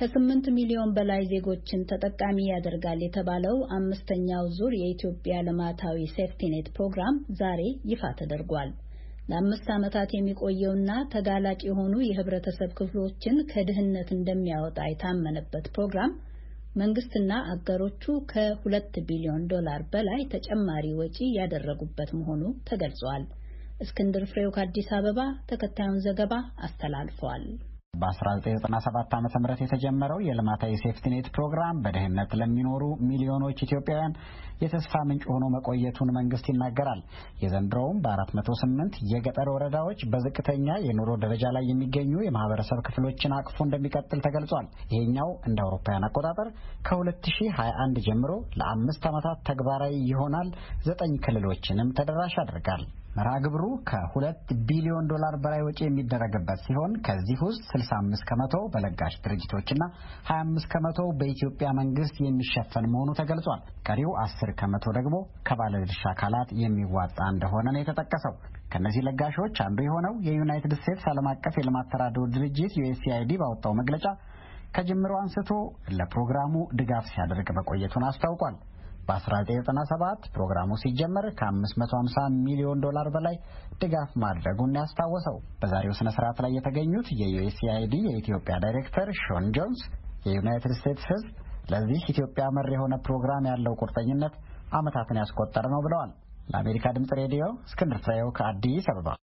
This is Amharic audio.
ከ8 ሚሊዮን በላይ ዜጎችን ተጠቃሚ ያደርጋል የተባለው አምስተኛው ዙር የኢትዮጵያ ልማታዊ ሴፍቲኔት ፕሮግራም ዛሬ ይፋ ተደርጓል። ለአምስት ዓመታት የሚቆየውና ተጋላጭ የሆኑ የህብረተሰብ ክፍሎችን ከድህነት እንደሚያወጣ የታመነበት ፕሮግራም መንግስትና አጋሮቹ ከሁለት ቢሊዮን ዶላር በላይ ተጨማሪ ወጪ ያደረጉበት መሆኑ ተገልጿል። እስክንድር ፍሬው ከአዲስ አበባ ተከታዩን ዘገባ አስተላልፏል። በ1997 ዓ ም የተጀመረው የልማታዊ ሴፍቲኔት ፕሮግራም በድህነት ለሚኖሩ ሚሊዮኖች ኢትዮጵያውያን የተስፋ ምንጭ ሆኖ መቆየቱን መንግስት ይናገራል። የዘንድሮውም በ408 የገጠር ወረዳዎች በዝቅተኛ የኑሮ ደረጃ ላይ የሚገኙ የማህበረሰብ ክፍሎችን አቅፎ እንደሚቀጥል ተገልጿል። ይሄኛው እንደ አውሮፓውያን አቆጣጠር ከ2021 ጀምሮ ለአምስት ዓመታት ተግባራዊ ይሆናል። ዘጠኝ ክልሎችንም ተደራሽ አድርጋል። መርሃ ግብሩ ከሁለት ቢሊዮን ዶላር በላይ ወጪ የሚደረግበት ሲሆን ከዚህ ውስጥ 65 ከመቶ በለጋሽ ድርጅቶችና 25 ከመቶ በኢትዮጵያ መንግስት የሚሸፈን መሆኑ ተገልጿል። ቀሪው 10 ከመቶ ደግሞ ከባለድርሻ አካላት የሚዋጣ እንደሆነ ነው የተጠቀሰው። ከእነዚህ ለጋሾች አንዱ የሆነው የዩናይትድ ስቴትስ ዓለም አቀፍ የልማት ተራድኦ ድርጅት ዩኤስኤአይዲ ባወጣው መግለጫ ከጅምሮ አንስቶ ለፕሮግራሙ ድጋፍ ሲያደርግ መቆየቱን አስታውቋል። በ1997 ፕሮግራሙ ሲጀመር ከ550 ሚሊዮን ዶላር በላይ ድጋፍ ማድረጉን ያስታወሰው በዛሬው ስነ ስርዓት ላይ የተገኙት የዩኤስአይዲ የኢትዮጵያ ዳይሬክተር ሾን ጆንስ የዩናይትድ ስቴትስ ሕዝብ ለዚህ ኢትዮጵያ መር የሆነ ፕሮግራም ያለው ቁርጠኝነት ዓመታትን ያስቆጠረ ነው ብለዋል። ለአሜሪካ ድምፅ ሬዲዮ እስክንድር ፍሬው ከአዲስ አበባ